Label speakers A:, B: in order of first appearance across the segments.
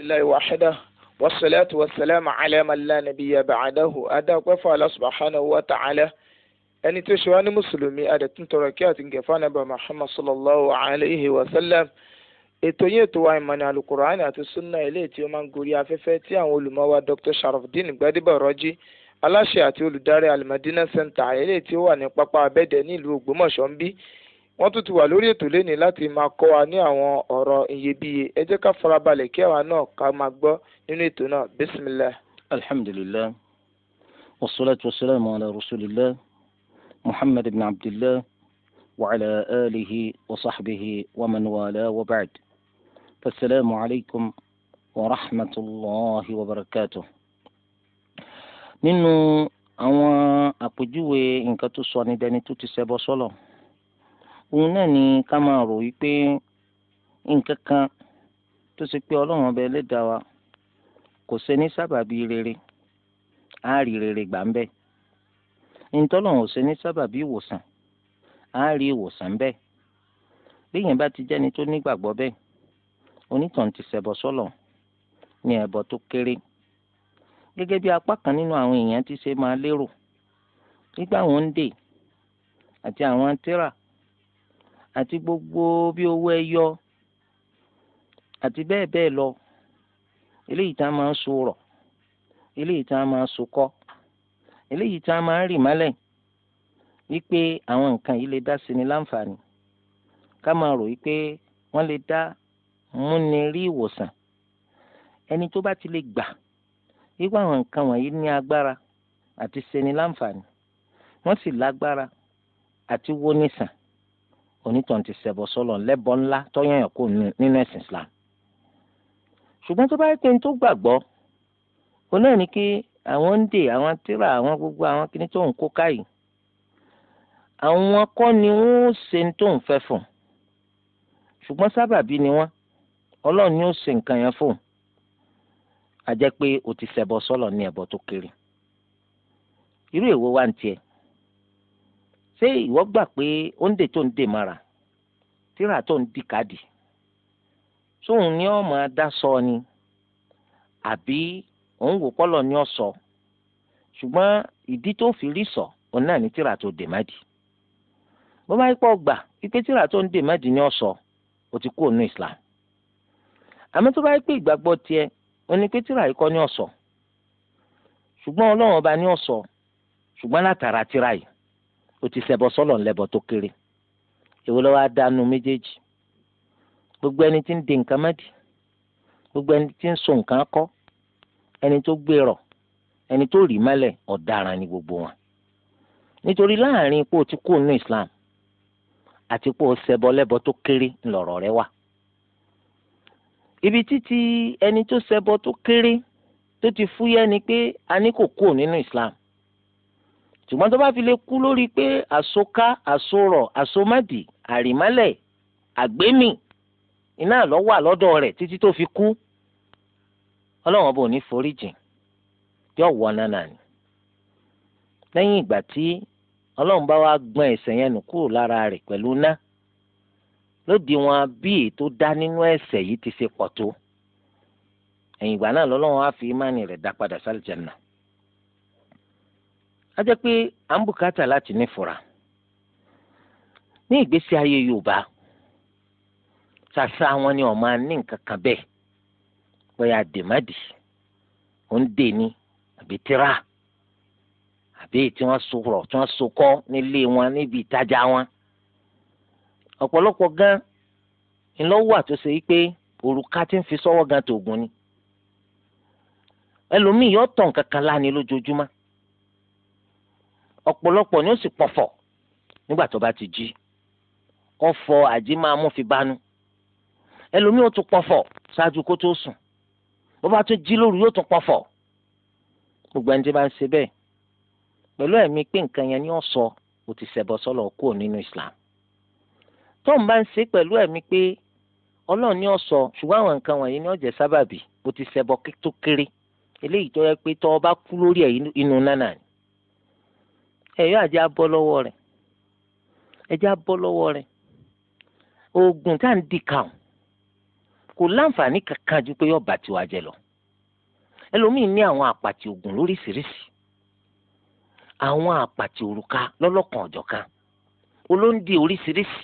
A: الله وحده والصلاة والسلام على من لا نبي بعده أدعو كفى الله سبحانه وتعالى أن tó مسلمي أدا ní كفانا بمحمد صلى الله عليه وسلم nàbà Muhammad sallallahu alayhi wa sallam ètò yìí ètò wa ìmọ̀nà alukur'ani àti sunna ilé tí ó máa ń gorí afẹ́fẹ́ tí àwọn olùmọ̀ wa Dr. Sharafdin Gbadebo Rọ́jí aláṣẹ àti olùdarí al Center ilé tí ó wà ní pápá abẹ́dẹ̀ nílùú Ògbómọ̀ṣọ́ ń bí wọ́n tún ti wà lórí ètò lẹ́ni láti máa kọ́ wa ní àwọn ọ̀rọ̀ iyebíye ẹ jẹ́ ká farabalẹ̀ kí àwa náà ká máa gbọ́ nínú ètò náà bisimilah.
B: alhamdulillah wasalaatu wasalaamu ala rasulillah muhammad ibn abdillah wa ala alihi wa sahbihi wa man wala wa ba'd fasalaamu alaykum wa rahmatulahi wa barakatuh. nínú àwọn àpèjúwe nǹkan tó sọ ní dẹni tó ti ṣẹbọ sọlọ òun náà ni ká máa rò wípé nǹkan kan tó ṣe pé ọlọ́run ọba ẹlẹ́dàá wa kò ṣe ní sábàbí rere á rí rere gbà ń bẹ ntọ́lọ́run ò ṣe ní sábàbí ìwòsàn á rí ìwòsàn bẹ́ẹ̀ bíyẹn bá ti jẹ́ni tó nígbàgbọ́ bẹ́ẹ̀ onítàn ti ṣẹbọ sọ́lọ̀ ní ẹ̀bọ tó kéré gẹ́gẹ́ bí apá kan nínú àwọn èèyàn ti ṣe máa lérò nígbà wọn ń dè àti àwọn tíra àti gbogbo bí owó ẹyọ àti bẹ́ẹ̀ bẹ́ẹ̀ lọ eléyìí tá a máa so rọ̀ eléyìí tá a máa so kọ́ eléyìí tá a máa rì mọ́lẹ̀ wípé àwọn nǹkan yìí lè dá sí ni láǹfààní ká máa rò wípé wọ́n lè dá múni rí ìwòsàn ẹni tó bá ti lè gbà wípé àwọn nǹkan wọ̀nyí ní agbára àti ṣeni láǹfààní wọ́n sì lágbára àti wóni onítàn ti ṣẹbọ sọlọ lẹ́bọ ńlá tọyàn kó nínú ẹ̀sìn islam ṣùgbọ́n tó bá yẹ pé n tó gbàgbọ́ òun náà ni kí àwọn ń dè àwọn tíra àwọn gbogbo àwọn kìíní tó ń kó káyìí àwọn kọ́ ni wọ́n ó ṣe tó ń fẹ́ fún ṣùgbọ́n sábàbí ni wọ́n ọlọ́run ni ó ṣe nǹkan yẹn fún a jẹ́ pé o ní ẹbọ tó kéré irú èwo wá ń tiẹ̀ ṣé ìwọ gbà pé ó ń dè tó ń dè mara tíra tó ń di káàdì tóun ní ọ máa dá sọ ni àbí òun wò kọlọ ní ọ sọ ṣùgbọ́n ìdí tó fi rí sọ òun náà ní tíra tó dè má di bó bá pọ̀ gbà pípé tíra tó ń dè má ní ọ sọ ó ti kú òun Islam àmọ́ tó bá pé ìgbàgbọ́ tiẹ̀ ó ní pé tíra yìí kọ́ ní ọ sọ ṣùgbọ́n Ọlọ́run ọba ní ọ sọ ṣùgbọ́n látara tíra yìí ó ti ṣẹbọ sọlọ ńlẹbọ tó kéré èwo ló wá dánú méjèèjì gbogbo ẹni tí ń de nǹkan mẹ́dì gbogbo ẹni tí ń so nǹkan kọ́ ẹni tó gbèrò ẹni tó rì mẹ́lẹ̀ ọ̀daràn ni gbogbo wọn nítorí láàrin ipò tí kò nínú Islam àti ipò ṣẹbọ lẹ́bọ tó kéré ńlọ̀rọ̀ rẹ̀ wà ibi títí ẹni tó ṣẹbọ tó kéré tó ti fúyẹ́ ni pé a ní kò kúrò nínú Islam ṣùgbọ́n tó bá fi lè kú lórí pé àsoká àsorọ̀ àsomádì àrìmálẹ̀ àgbémì iná lọ wà lọ́dọ̀ rẹ̀ títí tó fi kú ọlọ́wọ́n bò ní foríjìn yọ wọ nánà ni lẹ́yìn ìgbà tí ọlọ́run bá wá gbọ́n ẹ̀ṣẹ̀ yẹn nù kúrò lára rẹ̀ pẹ̀lú ná lóde wọn bí ètò dá nínú ẹ̀ṣẹ̀ yìí ti ṣe pọ̀ tó ẹ̀yìn ìgbà náà lọ́lọ́run á fi ìmánì rẹ̀ dá padà sálìjẹ̀ náà. a jẹ́ pé à ń bùkátà láti nífura ní ìgbésí ayé Yorùbá ṣàṣà wọn ni ọmọ ní nǹkan kan bẹ́ẹ̀ bóyá dèmádì ó ń dè ní àbí tíra àbí tí wọ́n sọ̀rọ̀ tí wọ́n sọkọ́ nílé wọn níbi ìtajà wọn ọ̀pọ̀lọpọ̀ gan ńlọ́wọ́ àtúnṣe yìí pé òrùka ti ń fi sọ́wọ́ gan ogun ni ẹlòmíì yóò tàn kankan láni lójoojúmọ́ ọ̀pọ̀lọpọ̀ ni ó sì pọ̀fọ̀ nígbà tó bá ti jí ọ̀fọ̀ àjí máa mú fi bánú ẹlòmíì ó tún pọ̀fọ̀ ṣáájú kó tó sùn bó bá tún jí lóru yóò tún pọ̀fọ̀ gbogbo ẹni tí bá ń ṣe bẹ́ẹ̀ pẹ̀lú ẹ̀mí pé nǹkan yẹn ni ó sọ ó ti ṣẹbọ sọ́lọ̀ kúrò nínú Islam tó ń bá ń ṣe pẹ̀lú ẹ̀mí pé Ọlọ́run ni ó sọ ṣùgbọ́n àwọn nǹkan wọ̀nyí ni ó jẹ́ sábàbí ó ti ṣẹbọ tó kéré eléyìí tó yẹ pé tó o bá kú lórí ẹ̀ inú nánà ni ẹ̀yọ́ àjẹ́ abọ́ lọ́wọ́ rẹ̀ ẹ̀jẹ̀ abọ́ lọ́wọ́ rẹ̀ oògùn tá à ń di kàn kò láǹfààní kankan ju pé yóò bá tiwa jẹ lọ ẹlòmíì ní àwọn àpàtì oògùn lóríṣiríṣi àwọn àpàtì òrùka lọ́lọ́kan ọ̀jọ̀kan olóńdè oríṣiríṣi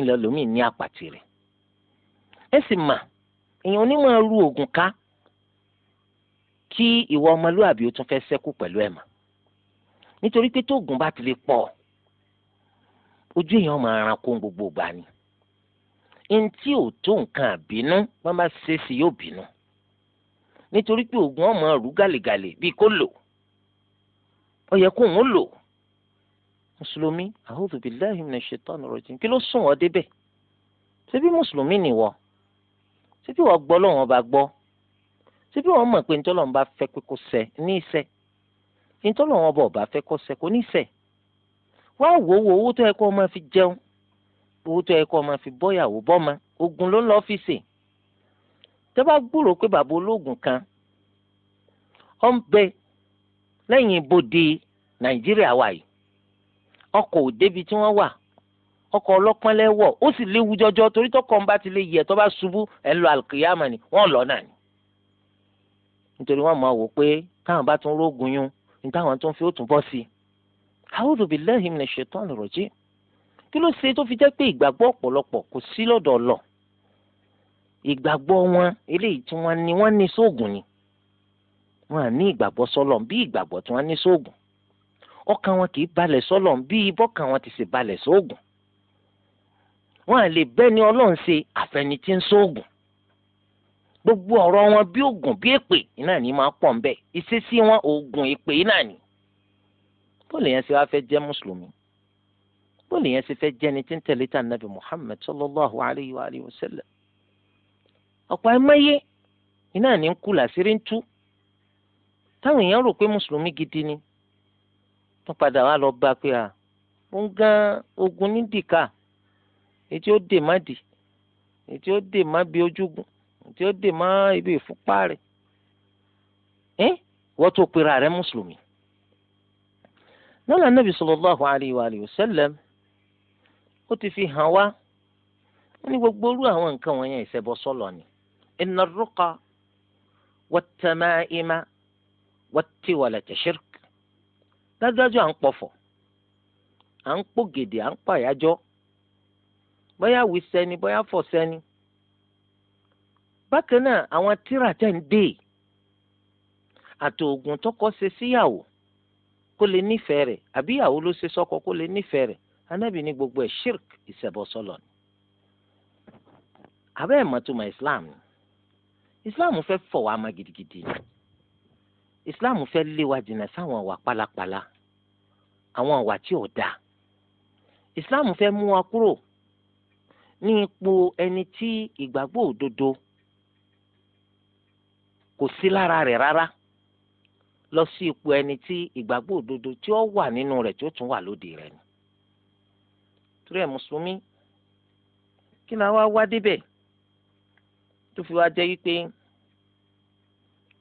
B: ńlẹ̀ ẹlòmíì ní àpàtì rẹ̀ ẹ sì mà èèyàn onímọ̀ ru oògùn ká kí ìwà ọmọlúwàbí ó tún fẹ́ ṣẹ́kù pẹ̀lú ẹ̀ mà nítorí pé tóògùn bá ti lè pọ̀ ojú èèyàn máa ran kó gbogbo gbà ni ntí ò tó nǹkan àbínú wọn bá ṣe sí yóò bínú nítorí pé oògùn ọmọ rú gàlègàlè bíi kó lò ó yẹ kó òun lò mùsùlùmí a'udhu billahi minash shaitani rajim kí ló sùn ọ́ débẹ̀ ṣebí mùsùlùmí nìwọ ṣebí wọ́n gbọ́ lọ́wọ́n bá gbọ́ ṣebí wọ́n mọ̀ pé ntọ́lọ́wọ́n fẹ́ pé kó ṣẹ ní ìṣẹ́ nítorí àwọn ọba ọba fẹ́ kọ́ sẹ́kọ̀ọ́ níṣẹ́ wá wò wò owó tó yẹ kó máa fi jẹun owó tó yẹ kó máa fi bọ́yàwó bọ́mọ ogun ló ń lọ ọ́fíìsì tó bá gbúròó pé bàbá ológun kan ó ń bẹ lẹ́yìn ibodè nàìjíríà wa yìí ọkọ̀ ò débi tí wọ́n wà ọkọ̀ ọlọ́pọ́n lẹ́wọ̀ ó sì léwu jọjọ torí tọkọ̀ ń bá ti lè yẹ tó bá ṣubú ẹ̀ lọ àlùkìyàmà ni wọ́n lọ náà ni nítorí wọ́n máa wò pé káwọn bá tún rógun yún nítawọn tó ń fi ó tún bọ́ sí i. a'udhu billahi minash shaitani rajim kí ló ṣe tó fi jẹ́ pé ìgbàgbọ́ ọ̀pọ̀lọpọ̀ kò sí lọ́dọ̀ ọlọ́ ìgbàgbọ́ wọn eléyìí tí wọ́n ní wọ́n ní sóògùn ni wọn à ní ìgbàgbọ́ sọ́lọ̀ bí ìgbàgbọ́ tí wọ́n ní sóògùn ọkàn wọn kì í balẹ̀ sọ́lọ̀ bí ibọ́kàn wọn ti sì balẹ̀ sóògùn wọn à lè bẹ́ni ọlọ́run ṣe àfẹni ń sóògùn gbogbo ọ̀rọ̀ wọn bí oògùn bí èpè iná ní máa pọ̀ nbẹ̀ ìṣesí wọn oògùn èpè iná ní. bóòlù yẹn ṣe wá fẹ́ jẹ́ mùsùlùmí bóòlù yẹn ṣe fẹ́ jẹ́ tí ń tẹ̀lé Muhammad sallallahu alayhi wa alihi wa sallam. ọ̀pọ̀ ẹ̀mọ́yé iná ní ń kú làṣírí ń tú táwọn èèyàn rò pé mùsùlùmí gidi ni wọ́n padà wá lọ bá pé ogun ní dìkà ó dè má dì ó dè má tí ó dè mọ́ ibi ìfúnpá rẹ̀ ẹ́ wọ́n tó pera rẹ̀ mùsùlùmí. lọ́la nàbì sallallahu alayhi wa alihi wa sallam ó ti fi hàn wá wọ́n ní gbogbo orú àwọn nǹkan wọ̀nyẹn ìṣẹbọ sọ́lọ̀ ni inna ruqa wat-tama'ima wat-tiwalata shirk dájúdájú à ń pọ̀fọ̀ à ń pògèdè à ń pàyájọ́ bóyá wí sẹ́ni bóyá fọ̀ sẹ́ni bákan náà àwọn tíra tẹ̀ ń dé àtòògùn tọkọ ṣe síyàwó kó lè nífẹ̀ẹ́ rẹ̀ àbí ìyàwó ló ṣe sọ́kọ kó lè nífẹ̀ẹ́ rẹ̀ anábì ní gbogbo ẹ̀ shirk ìṣẹ̀bọ̀sọlọ ni. abẹ́ ẹ̀ mọ́tòmọ́ islam ni islam fẹ́ fọ̀ wá má gidigidi islam fẹ́ lé wa jìnnà sáwọn ọ̀wà pálapàla àwọn ọ̀wà tí ò dáa islam fẹ́ mú wa kúrò ní ipò ẹni tí ìgbàgbọ́ òdodo kò sí lára rẹ̀ rárá lọ sí ipò ẹni tí ìgbàgbọ́ òdodo tí ó wà nínú rẹ̀ tí ó tún wà lóde rẹ̀ ni. torí ẹ̀ mùsùlùmí kí ni àwa wá débẹ̀ tó fi wá jẹ́ wípé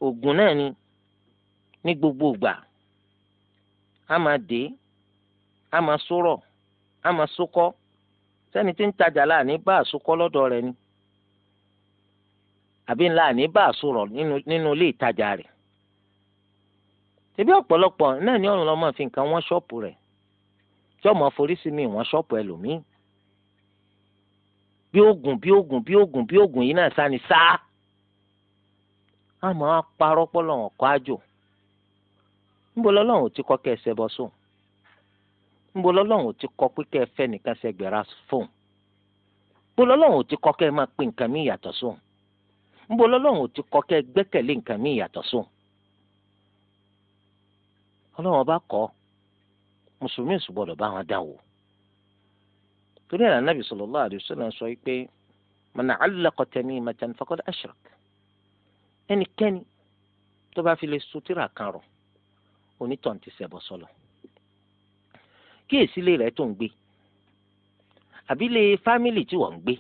B: ògùn náà ni ní gbogbo ìgbà a máa dé a máa sọ̀rọ̀ a máa sọkọ́ sẹ́ni tí ń tajà láàánú bá àsokọ́ lọ́dọ̀ rẹ̀ ni. àbí ńlá ní bá a sọ̀rọ̀ nínú ilé ìtajà rẹ̀ ṣebí ọ̀pọ̀lọpọ̀ náà ni ọ̀run lọ́mọ fi nǹkan wọ́n ṣọ́ọ̀pù rẹ̀ tí ọmọ forí sí mi wọ́n ṣọ́ọ̀pù ẹlòmíì bí ogun bí ogun bí oògùn bí oògùn yìí náà sáni sá parọ́ kọ́ àjò níbo lọ́lọ́run ti kọ́ kẹ́ ẹ ṣẹbọ sóun níbo lọ́lọ́run ti kọ́ pé kẹ́ ẹ fẹ́ nìkan fóun níbo lọ́lọ́run ti kọ́ kẹ́ ńbo lọ́lọ́run ò ti kọ́ kẹ́ gbẹ́kẹ̀lé nǹkan mí ìyàtọ̀ sóun ọlọ́run ọba kọ́ mùsùlùmí ìṣùgbọ́dọ̀ bá wọn dáwò torí ẹ̀rọ anábì sallallahu alaihi wasallam sọ pé man allaqa tamimatan faqad ashrak ẹnikẹ́ni tó bá fi lè sotira kan rọ̀ onítàn ti ṣẹbọ sọlọ kí èsì lè rẹ tó ń gbé àbí fámìlì tí wọ́n ń gbé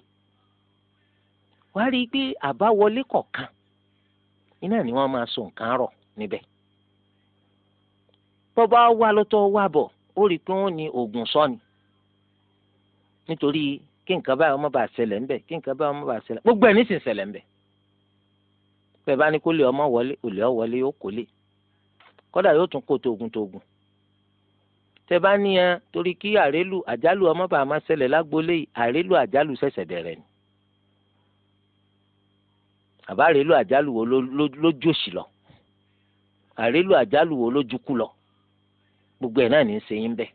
B: wàá rí i pé àbáwọlé kọ̀ọ̀kan iná ni wọ́n máa so nǹkan rọ̀ níbẹ̀ bọ́bá wà lọ́tọ́ wà bọ̀ ó rí i pé wọ́n ní oògùn sọ́ni nítorí kí nǹkan báyìí ọmọ bá ṣẹlẹ̀ ńbẹ̀ kí nǹkan báyìí ọmọ bá ṣẹlẹ̀ gbogbo ẹ̀ nísìn ṣẹlẹ̀ ńbẹ̀ bẹ́ẹ̀ bá ní kó lè ọmọ wọlé olè ọwọlé yóò kó lè kódà yóò tún kó tóògùn tóògùn tẹ bá níyàn torí kí àrélù àjálù ọmọ bá máa ṣẹlẹ̀ lágboolé yìí àrélù àjálù ṣẹ̀ṣẹ̀ bẹ̀rẹ̀ ni àbá àrélù àjálù wo lójú òṣì lọ àrélù àjálù wo lójú kú lọ gbogbo ẹ̀ náà ní í ṣe yín bẹ́ẹ̀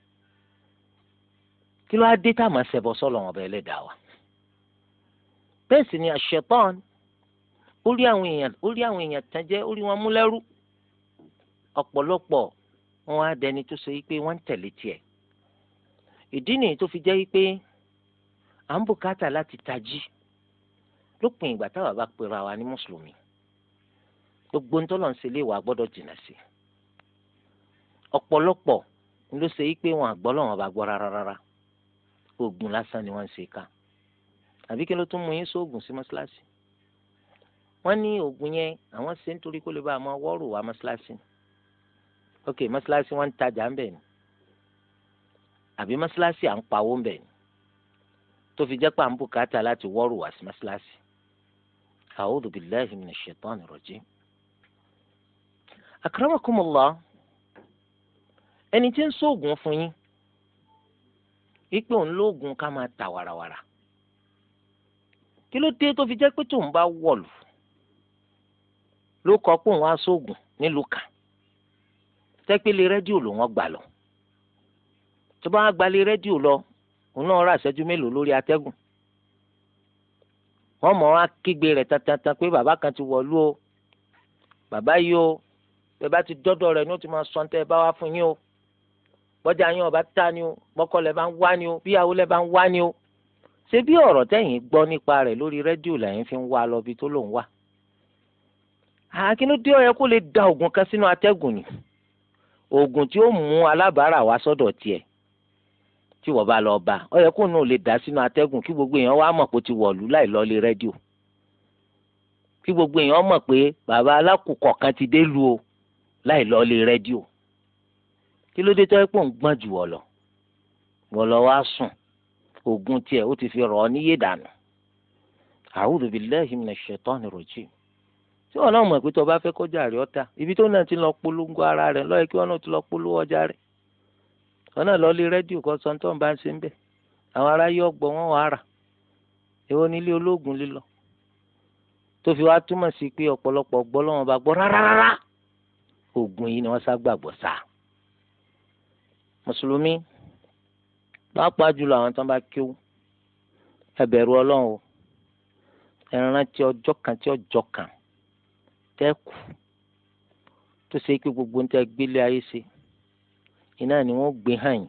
B: kí ló á dé tá a máa ṣẹbọ sọ́lọ̀ wọn bẹ́ẹ̀ wa bẹ́ẹ̀ sì ni àṣetán ó rí àwọn èèyàn ó rí àwọn èèyàn tán jẹ́ ó wọn mú lẹ́rú ọ̀pọ̀lọpọ̀ wọn á dẹni tó ṣe pé wọ́n ń tẹ̀lé tiẹ̀ ìdí nìyí tó fi jẹ́ pé à ń bùkátà láti tají lópin ìgbà táwa bá pera wa ní mùsùlùmí gbogbo ntọ́lọ̀ ń ṣe lé wa gbọ́dọ̀ jìnnà sí i ọ̀pọ̀lọpọ̀ ló ṣe pé wọn àgbọ́ lọ́wọ́n bá gbọ́ rárá rárá oògùn lásán ni wọ́n ń ṣe ká àbí kí ló tún mú yín sóògùn sí mọ́ṣáláṣí wọ́n ní oògùn yẹn àwọn ṣe nítorí kó lè bá àwọn wọ́ọ̀rù wá mọ́ṣáláṣí ok mọ́ṣáláṣí wọ́n ń tajà ń bẹ̀ ni àbí mọ́ṣáláṣí à ń pawó ń bẹ̀ ni tó fi jẹ́ pàǹbù káàtà láti wọ́ọ̀rù wá sí mọ́ṣáláṣí أعوذ بالله من الشيطان الرجيم أكرمكم الله. ẹni tí ń sóògùn fún yín wípé òun lóògùn ká máa tà wàràwàrà kí ló dé tó fi jẹ́ pé tóun bá wọ̀lù ló kọ pé òun á sóògùn nílùú kan tẹ́pẹ́lẹ́ rédíò ló wọ́n gbà lọ tó bá wá gbalẹ̀ rédíò lọ òun náà rà ṣẹ́jú mélòó lórí atẹ́gùn wọ́n mọ̀ wá kígbe rẹ̀ tantan pé bàbá kan ti wọ̀lú o bàbá yìí o bẹ́ẹ̀ bá ti dọ́dọ̀ rẹ̀ ní o ti máa sọ tẹ́ ẹ bá wá fún yín o bọ́jà yín ọba ta ni o bọ́kọ lẹ́ bá ń wá ni o bíyàwó lẹ́ bá ń wá ni o ṣé bí ọ̀rọ̀ tẹ̀yìn gbọ́ nípa rẹ̀ lórí rédíò lẹ́yìn fi ń wá lọ bí tó lòún wà àkínúdé ọ̀yẹ́ kó lè da oògùn kan sínú atẹ́gùn ni oògùn tí ó mú alábàárà wá sọ́dọ̀ tiẹ̀ tí wọ́n bá lọ bá ọ yẹ kó nù lè dá sínú atẹ́gùn kí gbogbo èèyàn wá mọ̀ pé ó ti wọ̀lú láì lọ lé rédíò kí gbogbo èèyàn mọ̀ pé bàbá alákùkọ̀ kan ti dé lu o láì lọ lé rédíò kí ló dé tó yẹ pé òun gbọ́n jù wọ́ lọ wọ́ lọ wá sùn oògùn tiẹ̀ ó ti fi rọ̀ ọ́ níyè dànù a'udhu billahi minash shaitani rajim tí wọn náà mọ̀ pé tó bá fẹ́ kọjá rẹ̀ ọ̀tá ibi tó náà ti lọ polongo ara rẹ̀ lọ́yẹ̀ kí wọn náà ti lọ polówó ọjà rẹ̀ wọn náà lọ lé rédíò kan sọ tó ń bá ń ṣe ń bẹ àwọn aráyé ọgbọ wọn wàá rà èwo nílé ológun lílọ tó fi wá túmọ̀ sí pé ọ̀pọ̀lọpọ̀ gbọ́ lọ́wọ́n bá gbọ́ rárá oògùn yìí ni wọ́n sá gbàgbọ́ sá mùsùlùmí pàápàá jùlọ àwọn tó ń bá kíw ẹ ọlọ́run o ẹ ọjọ́ kan tí ọjọ́ kan tẹ́ tó ṣe pé gbogbo ń tẹ́ gbélé ayé ṣe iná ni wọ́n gbé hàn yín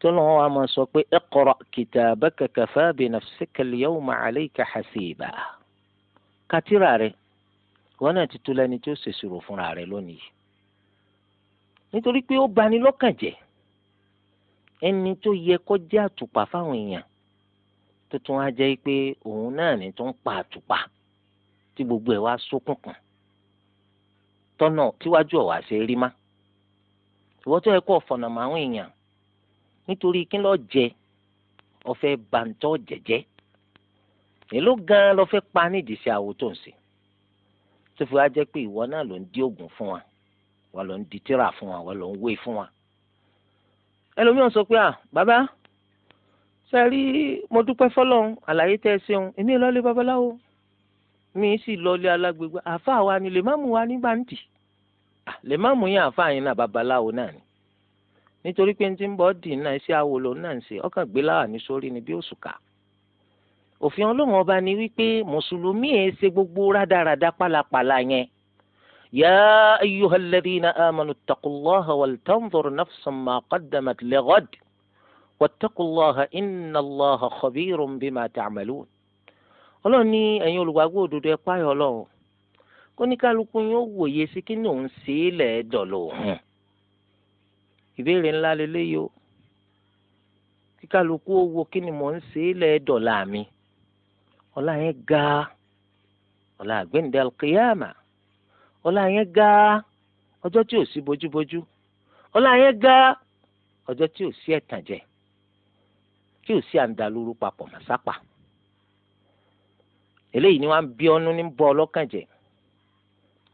B: tó lọ́wọ́ wa máa sọ pé iqra kitabaka kafa bi nafsika al-yawma alayka hasiba kátìrà rẹ wọn náà ti tó lẹ́ni tó ṣèṣirò fúnra rẹ lónìí nítorí pé ó bani lọ́kàn jẹ́ ẹni tó yẹ kó jẹ́ àtùpà fáwọn èèyàn tó á jẹ́ pé òun náà ni tó ń pa àtùpà tí gbogbo ẹ̀ wá ṣókùnkùn tọ́nà tíwájú ọ̀wá ṣe rí má ìwọ́n tó yẹ kó ọ̀fọ̀nà mọ́ àwọn èèyàn nítorí kí lọ́ọ́ jẹ ọ̀fẹ́ bàǹtọ́ jẹ̀jẹ́ èló gan-an lọ fẹ́ pa nídìí sí àwo tó ń ṣe tó fi wá jẹ́ pé ìwọ náà ló ń di oògùn fún wa wà ló ń di tíra fún wa wà ló ń wé fún wa. ẹlòmíràn sọ pé à bàbá ṣe rí mo dúpẹ́ fọlọ́run àlàyé tẹ́ ẹ ṣeun èmi lọ́lé babaláwo mi sì lọ́lé alágbègbè àfa wa ni lè má mú wa nígbà ń tì lè má mú yín àáfàá yín náà babaláwo náà ni nítorí pé tí ń bọ́ dì náà iṣẹ́ awo lòun náà ń ṣe ọkàn gbé láwà ní sórí ni bí òṣùkà òfin ọlọ́run ọba ni wípé mùsùlùmí ẹ̀ ṣe gbogbo rádaràda pálapàla yẹn yá ayyuhalladhina amanu taqullaha waltanzur nafsan ma qaddamat lighad wattaqullaha innallaha khabirun bima ta'malun ọlọ́run ní ẹ̀yin olùgbàgbọ́ òdodo ẹ̀ kóníkálukú yóò wòye sí kí ni òun ṣe é lẹ̀ dọ̀lọ̀ òun hmm. ìbéèrè ńlá lélẹ́yìí o kíkálukú ó wo kí ni mò ń ṣe é lẹ̀ mi ọlá yẹn ga ọlá àgbẹ̀ǹdà kìyàmà ọlá yẹn ga ọjọ́ tí ò sí bójúbójú ọlá yẹn ga ọjọ́ tí ò sí ò sí papọ̀ màsápà eléyìí ni wọ́n á bí ọ́nú ní bọ́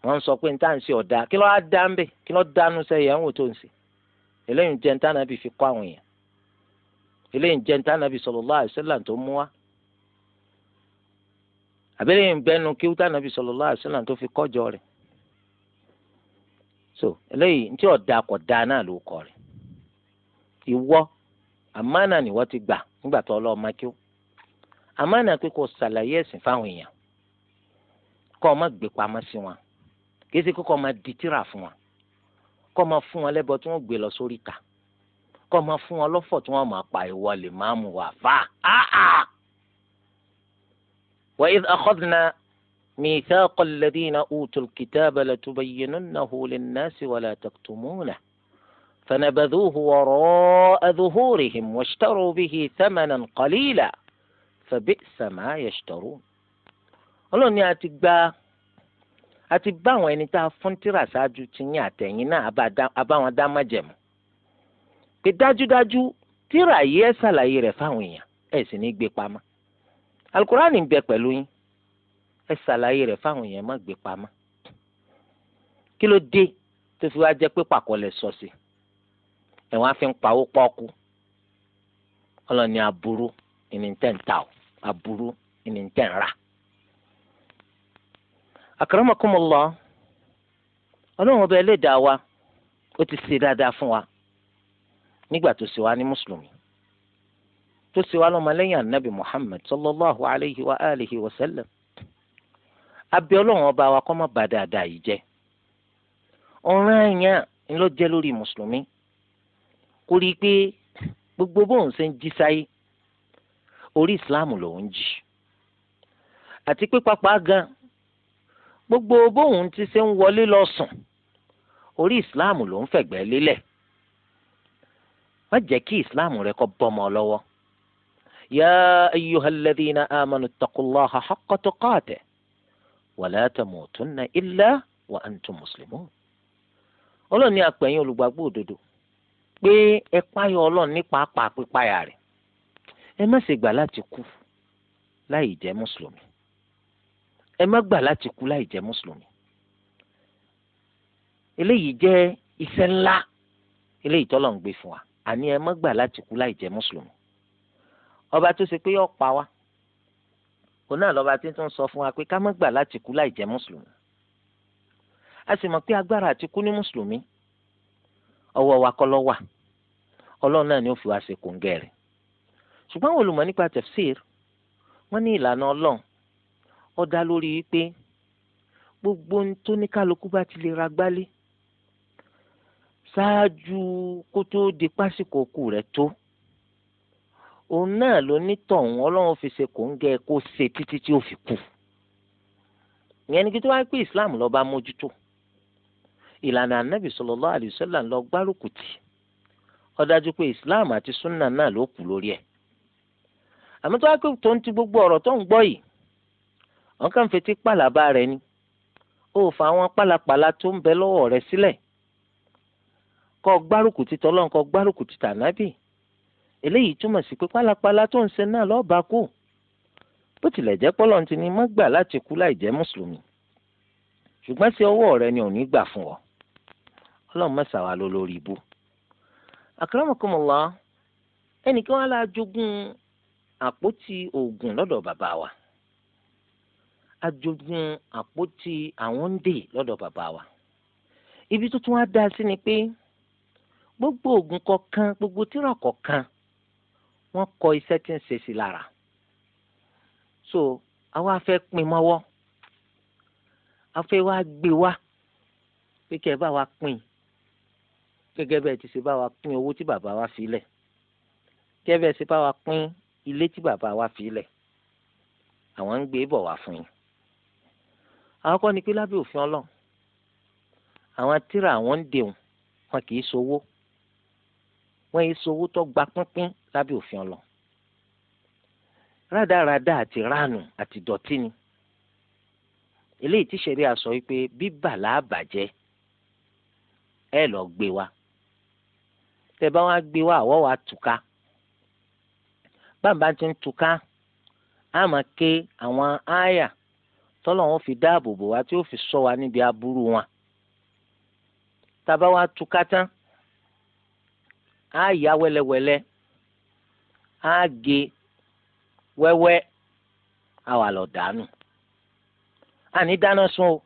B: wọ́n sọ pé níta ń ṣe ọ̀dà kí ló á dá ń bẹ̀ kí ló dánú sẹ́yìn àwọn tó ń ṣe eléyìí jẹ́ níta nàbì fi kọ́ àwọn èèyàn eléyìí jẹ́ níta nàbì sallallahu alaihi wasallam tó mú wa àbẹ́lẹ́ yìí ń kí wúta nàbì sallallahu alaihi wasallam tó fi kọ́jọ rẹ̀ so eléyìí ntí ọ̀dà kọ̀ da náà ló kọ̀ rẹ̀ ìwọ àmánà ni wọ́n ti gbà nígbà tó ọlọ́ọ̀ máa kí ó àmánà pé kò ṣàlàyé fáwọn èèyàn kọ́ ọ gbé pamọ́ sí wọn kese ko kɔ ma di tíra fún wa kɔ ma fún wa lɛbɔ tí wọ́n gbé lọ sórí ta kɔ ma fún wa lɔfɔ tí wọ́n máa pa ìwọ lè má mú wa fà á. wa idh akhadna mithaqa alladhina utul kitaba latubayyinannahu linnasi wala taktumunahu فنبذوه وراء ظهورهم واشتروا به ثمنا قليلا فبئس ما يشترون ọlọ́run ni a ti gba a ti bá àwọn ẹni tá a fún tírà ṣáájú ti yín àtẹ̀yìn náà àbáwọn dá májẹ̀mú pé dájúdájú tírà yìí ẹ ṣàlàyé rẹ̀ fáwọn èèyàn ẹ sì ní gbé pamọ́ alukurani ń bẹ pẹ̀lú yín ẹ ṣàlàyé rẹ̀ fáwọn èèyàn má gbé pamọ́ kí ló dé tó fi wá jẹ́ pé pàkọ́lẹ̀ sọ sí ẹ̀wọ̀n á fi ń pawó pọ́ọ́kú ọlọ́ni aburú ìní aburú ìní akramakumullah ọlọ́run ọba ẹlẹ́dàá wa ó ti ṣe dáadáa fún wa nígbà tó ṣe wá ní mùsùlùmí tó ṣe wá lọ́mọlẹ́yìn anabi muhammed sallallahu alayhi wa alihi wa sallam abẹ́ ọlọ́run ọba wa kọ́ má ba dáadáa yìí jẹ́ ọ̀ràn ẹ̀yàn ló jẹ́ lórí mùsùlùmí kó rí i pé gbogbo bóun ṣe ń jí sáyé orí ìsìláàmù lòun jì àti pé pápá gan gbogbo bóun ti ṣe ń wọlé lọ sùn orí islam ló ń fẹ̀gbẹ́ lélẹ̀ má jẹ́ kí islam rẹ kó bọ́mọ lọ́wọ́ ya ayyuhal ladhina amanu ittaqullaha haqqa tuqatih wa la tamutunna illa wa antum muslimun ọlọ́ọ̀ni àpẹ̀yìn olùgbàgbọ́ òdodo pé ẹ páyọ ọlọ́run nípa pàpípáyà rẹ̀ ẹ má ṣe gbà láti kú láì jẹ́ mùsùlùmí ẹ má gbà láti kú láì jẹ́ mùsùlùmí eléyìí jẹ́ iṣẹ́ ńlá eléyìí tọ́lọ̀ ń gbé fún wa àní ẹ má gbà láti kú láì jẹ́ mùsùlùmí ọba tó ṣe pé yọ pa wá òun náà lọ́ba tí tún sọ fún wa pé ká má gbà láti kú láì jẹ́ mùsùlùmí a sì mọ̀ pé agbára àti kú ní mùsùlùmí ọwọ́ wa kọ́ ló wà ọlọ́run náà ni ó fi wá ṣe kòǹgẹ́ rẹ̀ ṣùgbọ́n olùmọ̀ nípa tafsir wọ́n ní ìlànà ọlọ́run ó dá lórí pé gbogbo ohun tó ní kálukú bá ti lè ra gbálé ṣáájú kó tó di pásìkò kù rẹ̀ tó òun náà ló ní tọ̀hún ọlọ́run fi ṣe kò ń gẹ kó ṣe títí tí ó fi kù ìyẹn ni kí tó wá pé Islam ló bá mójútó ìlànà anabi sallallahu alaihi wasallam ló gbárùkù tì ó dájú pé Islam àti sunna náà ló kù lórí ẹ̀ àmọ́ tó wá pé tó ń ti gbogbo ọ̀rọ̀ tó ń gbọ́ yìí wọn kàn fetí pàlàbà rẹ ni ó fa àwọn pàlàpàlà tó ń bẹ lọ́wọ́ rẹ sílẹ̀ kó gbárùkù ti t'Ọlọ́run kó gbárùkù ti t'ànábì eléyìí túmọ̀ sí pé pàlàpàlà tó ń ṣe náà lọ́ọ́ bá kú bó tilẹ̀ jẹ́ pọ́lọ́ ti ní má gbà láti kú láì jẹ́ mùsùlùmí ṣùgbọ́n sí ọwọ́ rẹ ni ò gbà fún ọ ọlọ́run mẹ́sà wà ló lórí ibú. akramakumullah ẹnìkan wá la jogún àpótí oògùn lọ́dọ̀ bàbá wa ajogun àpótí àwọn ń dè lọ́dọ̀ bàbá wa ibi tó tún wá dá sí ni pé gbogbo oògùn kọ̀ọ̀kan gbogbo tírà kọ̀ọ̀kan wọ́n kọ iṣẹ́ tí ń ṣe sí lára so àwa fẹ́ pin mọ́wọ́ a fẹ́ wá gbé wá pé kẹ́ ẹ bá wa pin gẹ́gẹ́ bẹ́ẹ̀ ti ṣe bá wa pin owó tí bàbá wa fi lẹ̀ gẹ́gẹ́ bẹ́ẹ̀ ṣe bá wa pin ilé tí bàbá wa fi àwọn ń gbé bọ̀ wá fún yín àwọn kọ́ ni pé lábẹ́ òfin ọlọ́run àwọn tíra àwọn ń dèun wọn kì í sowó wọn yìí sowó tó gba pínpín lábẹ́ òfin ọlọ́run rádaràda àti ránù àti dọ̀tí ni eléyìí tí sẹ́rí àsọ wípé bíbà làbàjẹ́ ẹ lọ gbé wa tẹ bá wá gbé wa àwọ̀ wa túká bàbá ti ń túká àmọ́ ké àwọn áyà tọ́lọ̀ wọn fi dáàbò bò wá tí ó fi sọ wá níbi aburú wọn tábà wá túká tán á yá wẹ́lẹ́wẹ́lẹ́ á gé wà lọ dànù àní dáná sun o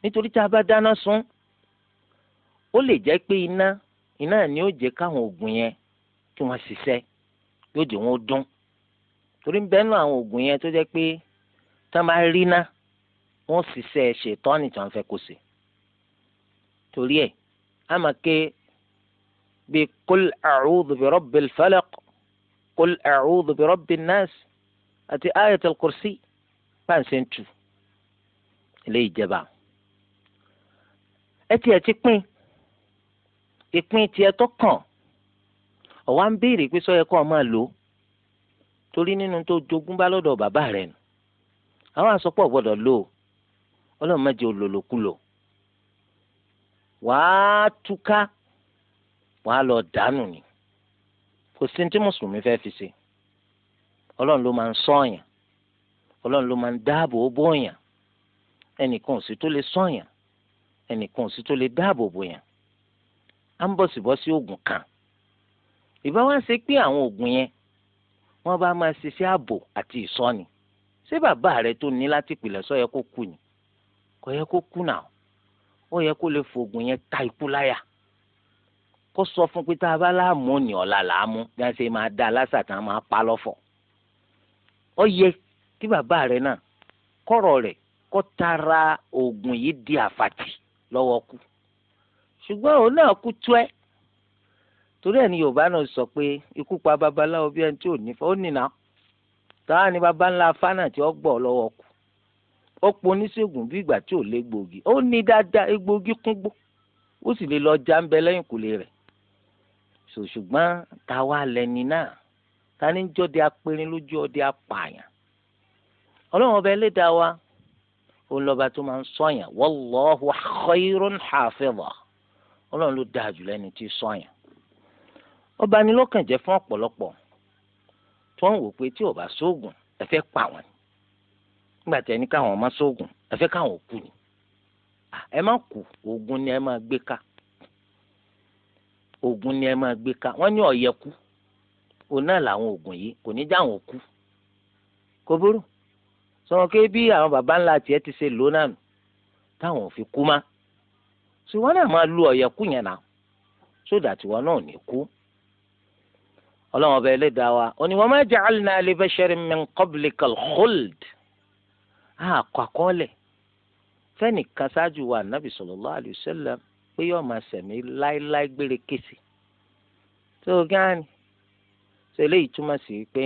B: nítorí tá a bá dáná sun ó lè jẹ́ pé iná iná ni ó jẹ́ káwọn oògùn yẹn kí wọ́n ṣiṣẹ́ yóò jẹ́ wọn dún torí ń bẹ́ẹ̀ àwọn oògùn yẹn tó jẹ́ pé tí wọ́n bá rí ná wọ́n ṣiṣẹ́ ṣètọ́ni tí wọ́n fẹ́ kó ṣe torí ẹ̀ á máa ké bíi kul a'udhu bi rabbil falaq kul a'udhu bi rabbin nas àti ayatul kursi pàǹsẹ̀ ń tù ilé ìjẹba ẹ tiẹ̀ ti pín ìpín tiẹ̀ tó kàn ọ̀wá ń béèrè pé sọ́yẹ kó o máa lò torí nínú tó jogún bá lọ́dọ̀ bàbá rẹ̀ nù àwọn àsopọ̀ gbọ́dọ̀ lò ó ọlọ́run mẹ́jẹ olòlòkulò wàá túká wàá lọ dànù ni kò sí tí mùsùlùmí fẹ́ fi ṣe ọlọ́run ló máa ń sọ̀yàn ọlọ́run ló máa ń dáàbò bóyàn ẹnìkan ò sí tó lè sọ̀yàn ẹnìkan ò tó lè dáàbò bóyàn à ń bọ̀sibọ́sí oògùn kan ìbá wá ṣe pé àwọn oògùn yẹn wọ́n bá máa ṣiṣẹ́ ààbò àti ìsọ́ni ṣé bàbá rẹ tó ní láti pìlẹ̀ sọ yẹ kó kú ni kò yẹ kó kú náà ó yẹ kó lè fògùn yẹn ta ikú láyà kó sọ fún pé tá a bá láàmú ni ọ̀la làámú bí wọ́n ṣe máa da aláṣà kan máa pa lọ́fọ̀ ó yẹ kí bàbá rẹ náà kọ̀rọ̀ rẹ̀ kó tara oògùn yìí di àfàtì lọ́wọ́ kú ṣùgbọ́n òun náà kú tú torí ẹ̀ yorùbá náà sọ pé ikú pa babaláwo bí ẹni tí ò ní fọ́ ó nìyà táwa ni baba ńlá fánà tí ó gbọ́ lọ́wọ́ kù ó pọ̀ oníṣègùn bí ìgbà tí ò lé gbòógì ó ní dáadáa egbòogi kúngbó ó sì lè lọ já ń bẹ lẹ́yìn kùlé rẹ̀ ṣùgbọ́n táwa lẹni náà ta ni ń jọ́de apẹ̀rin lójú ọdẹ apààyàn ọlọ́run ọba ẹlẹ́dàá wa òun lọ́ba tó máa ń sọ̀yàn wallahu khairun hafiza ọlọ́run ló dáa jù lẹ́ni tí sọ̀yàn ọba ni lọ́kàn jẹ́ fún ọ̀pọ̀lọpọ̀ tó ń wò pé tí ò bá sóògùn ẹ fẹ́ pa wọn nígbà tí ẹni káwọn ọmọ sóògùn ẹ fẹ́ káwọn kú ni ẹ má kú oògùn ni ẹ máa gbé ká oògùn ni ẹ máa gbé ká wọ́n ní ọ̀yẹ kú òun náà làwọn oògùn yìí kò ní já àwọn kú kò burú sọ̀rọ̀ ké bí àwọn baba ńlá tiẹ̀ ti ṣe lò náà nù táwọn ò fi kú má ṣùgbọ́n náà máa lu ọ̀yẹ̀kú yẹn náà sódà tiwọn náà ò ní kú ọlọ́run ọba ẹlẹ́dàá wa ó ní wa ma ja'alna li basharin min qablikal khuld àkọ àkọọ́lẹ̀ fẹ́nìkan ṣáájú wa nàbì sallallahu alayhi wa sallam pé yóò máa sẹ̀mí láéláé gbére kése tó gáàni tó eléyìí túmọ̀ sí pé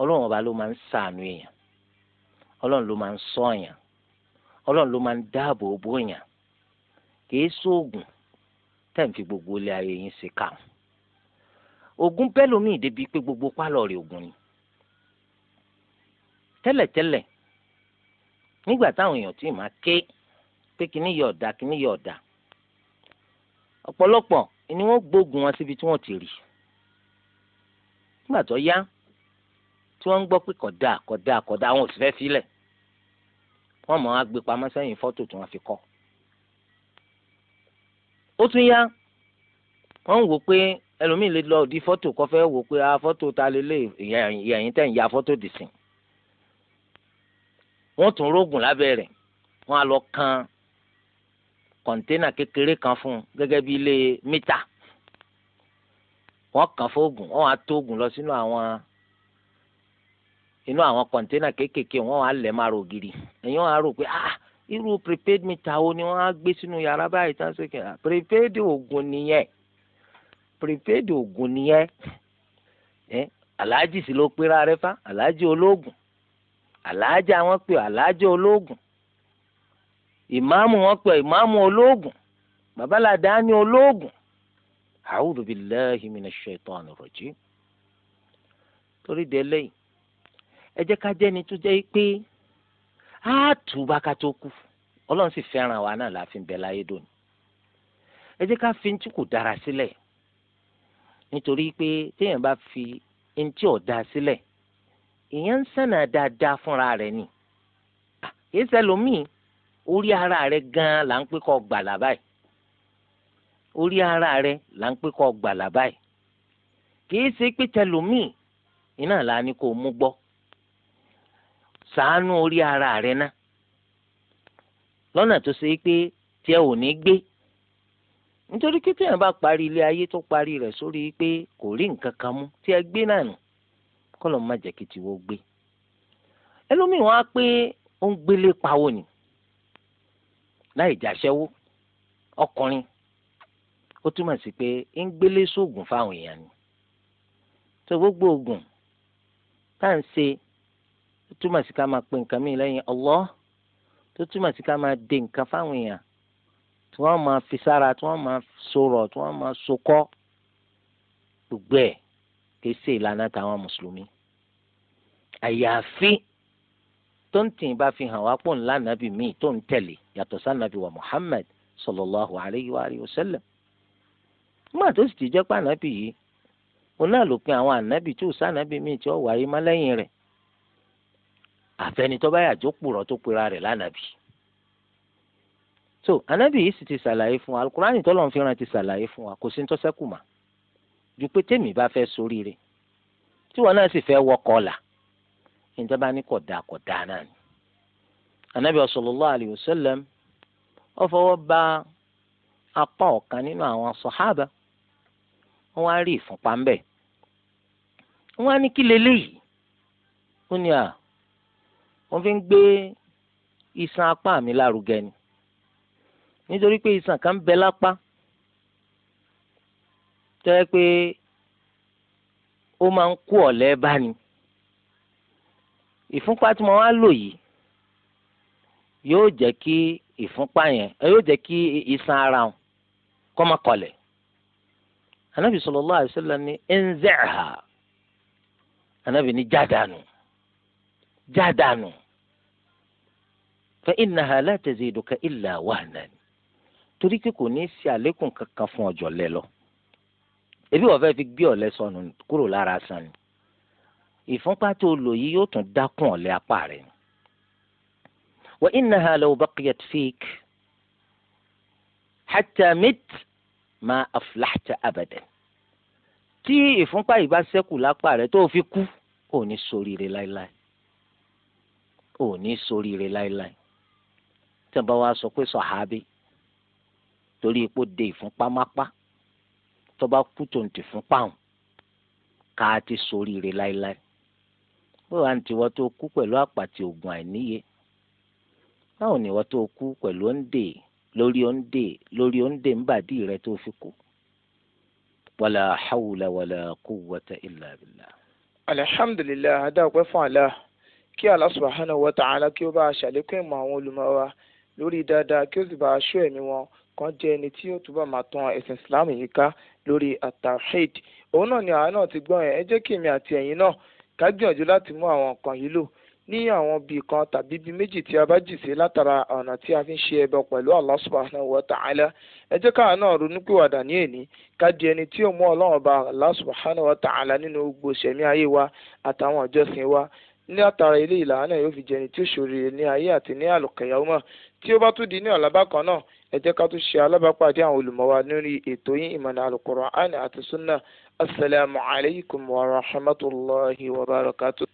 B: ọlọ́run ọba ló máa ń ṣàánú èèyàn ọlọ́run ló máa ń ṣọ́ èèyàn ọlọ́run ló máa ń dáàbò bò èèyàn kì í sóògùn tẹ̀ ń fi gbogbo ilé ayé yín ṣe káwọn ogun bẹ́ẹ̀ lómìn débi pé gbogbo pálọ̀ rẹ̀ ogun ni tẹ́lẹ̀tẹ́lẹ̀ nígbà táwọn èèyàn tí ì máa ké pé kíní yọ ọ̀dà kíní yọ ọ̀dà ọ̀pọ̀lọpọ̀ ni wọ́n gbógun wọn síbi tí wọ́n ti rí nígbà tó yá tí wọ́n ń gbọ́ pé kódà kódà kódà àwọn òsì fẹ́ sílẹ̀ wọ́n mọ̀ á gbé pamọ́ sẹ́yìn fọ́tò tí wọ́n fi kọ́ ó tún yá wọ́n ń wò pé ẹlòmíì lè lọ di fọ́tò kó fẹ́ wò pé a ah, fọ́tò ta lélẹ̀ ìyẹn tẹ̀ ń ya fọ́tò dì sí. wọ́n tún rógùn lábẹ́ rẹ̀ wọ́n á lọ kan kọ̀ńténà kékeré kan fún un gẹ́gẹ́ bí ilé mítà wọ́n kàn fóògùn wọ́n á tóògùn lọ sínú àwọn inú àwọn kọ̀ńténà kéékèèké wọ́n á lẹ̀ máa rògiri ẹ̀yin wọ́n á rò pé ah irú prepaid mítà wo ni wọ́n á gbé sínú yàrá báyìí tán sókè ah, prepaid oògùn nìyẹn prepaid oògùn nìyẹn aláàjì sì ló pera rẹ fá aláàjì olóògùn aláàjì àwọn pè aláàjì olóògùn ìmáàmù wọn pè ìmáàmù olóògùn babaládá ni olóògùn a'udhu billahi minash shaitani rajim torí de lẹ́yìn ẹ jẹ́ ká jẹ́ni tó jẹ́ pé á tù bá ká tó kú ọlọ́run sì fẹ́ràn wa náà láàfin bẹ́ẹ̀ láyé dòní ẹ jẹ́ ká fi ń tí kò dára sílẹ̀ yìí nítorí pé téèyàn bá fi ẹni tí ò da sílẹ̀ èèyàn ń sànà dáadáa fúnra rẹ̀ ni kì í orí ara rẹ̀ gan-an là ń pè kọ́ gbàlà báyìí orí ara rẹ̀ là ń pè kọ́ gbàlà báyìí kì í ṣe pé tẹlòmíì iná là ní kò mú gbọ́ ṣàánú orí ara rẹ̀ náà lọ́nà tó ṣe pé tí ẹ ò ní gbé nítorí kí téèyàn bá parí ilé ayé tó parí rẹ̀ sórí pé kò rí nǹkan kan mú tí ẹ gbé náà nù kọlọ má jẹ́ kí tiwọ gbé ẹlòmíì á pé ó ń gbélé pawó ni láì jàṣẹ́wó ọkùnrin ó túmọ̀ sí pé ń gbélé sóògùn fáwọn èèyàn ni tó gbogbo oògùn tá à ń ṣe ó túmọ̀ sí ká máa pe nǹkan mìíràn lẹ́yìn Allah tó túmọ̀ sí ká máa de nǹkan fáwọn èèyàn tí wọ́n máa fi sára tí wọ́n máa sọ̀rọ̀ tí wọ́n máa sokọ́ gbogbo ẹ̀ kése ìlànà táwọn mùsùlùmí àyàfi tó ń tìǹ bá fi hàn wá pò ńlá nàbì míì tó ń tẹ̀lé yàtọ̀ sànàbì wa Muhammad sallallahu alayhi wa alihi wa sallam nígbà tó sì ti jẹ́ pé ànábì yìí òun náà ló pin àwọn ànábì tó sànàbì míì tí ó wáyé má lẹ́yìn rẹ̀ àfẹnitọ́ báyà jókòó rọ̀ tó pera rẹ̀ lánàbì so anabi yìí sì ti ṣàlàyé fún wa alukurani tó lọ́n fìràn ti ṣàlàyé fún wa kò sí tó sẹ́kù mà ju pé tèmi bá fẹ́ ṣoríire tí wọn náà sì fẹ́ wọkọ̀ ọ̀la níta bá ní kò dáa kò dáa náà ni anabi sallallahu alayhi wa sallam ó fọwọ́ bá apá ọ̀kan nínú àwọn sọ̀hábà wọn á rí ìfúnpá ń bẹ̀ wọn á ní kí leléyìí ó ní à wọn fi ń gbé iṣan apá mi lárugẹ ni. nítorí pé isan kan ń bẹ lápá tó yẹ pé ó máa ń kú ọ̀lẹ́ bá ni ìfúnpá tí mo wá lò yìí yóò jẹ́ kí ìfúnpá yẹn yóò jẹ́ kí iṣan ara kọlẹ̀ anabi sallallahu alaihi ni ẹnzẹ́ẹ̀hà anabi ni jádàánù jádàánù torí pé kò ní í ṣe àlékún kankan fún ọjọ́ lẹ lọ ebi wọ́n fẹ́ fi gbé ọ̀lẹ sọnù kúrò lára san ni ìfúnpá tó lò yìí yóò tún dákun ọ̀lẹ apá rẹ̀ ni wa innaha law baqiyat fik hatta mit ma aflahta abadan tí ìfúnpá yìí bá ṣẹ́kù lápá rẹ̀ tó fi kú ò ní ṣoríire láéláé ò ní ṣoríire láéláé tí wọ́n bá wá sọ pé sọ̀hábí. So torí epo de ìfúnpá mápá tó bá kú tòǹtì fúnpá hàn ká ti ṣoríire láéláé bó wàá ti wọ́n tó kú pẹ̀lú àpàtì oògùn àìníye báwo ni wọ́n tó kú pẹ̀lú òǹdè lórí òǹdè lórí òǹdè ńbàdí rẹ tó fi kú. wàlà hawla wàlà quwwata illa billah.
A: alhamdulilayi adáwọ̀pẹ́ fún Allah kí Allah subhanahu wa kí ó bá a ṣàlékún ìmọ̀ àwọn olùmọ̀ wa lórí dáadáa kí ó sì bá a ṣó ẹ̀mí wọn kan jẹ́ ẹni tí yóò túbọ̀ máa tan ẹ̀sìn islam yìí ká lórí atahid òun náà ni àwa náà ti gbọ́n ẹ̀ ẹ jẹ́ kí èmi àti ẹ̀yin náà ká gbìyànjú láti mú àwọn nǹkan yìí lò ní àwọn bíi kan tàbí bíi méjì tí a bá jì sí látara ọ̀nà tí a fi ń ṣe ẹbọ pẹ̀lú Allah subhanahu wa ta'ala ẹ jẹ́ káà náà ronúpìwàdà ní èní ká di ẹni tí ó mú ọlọ́run bá Allah subhanahu wa ta'ala nínú gbogbo ṣẹ̀mí ayé wa àtàwọn ìjọsìn wa ní àtàrà ilé ìlànà yóò fi jẹni tí ó ṣòro ní ayé àti ní àlùkẹ́yàwó mọ̀ tí ó bá tún di ní ọ̀làbá náà ẹ jẹ́ ká tún ṣe alábàápàdé àwọn olùmọ̀ wa lórí ètò yín ìmọ̀nà al-Qur'an àti sunna asalaamualeykum wa rahmatulahi wa barakatuh.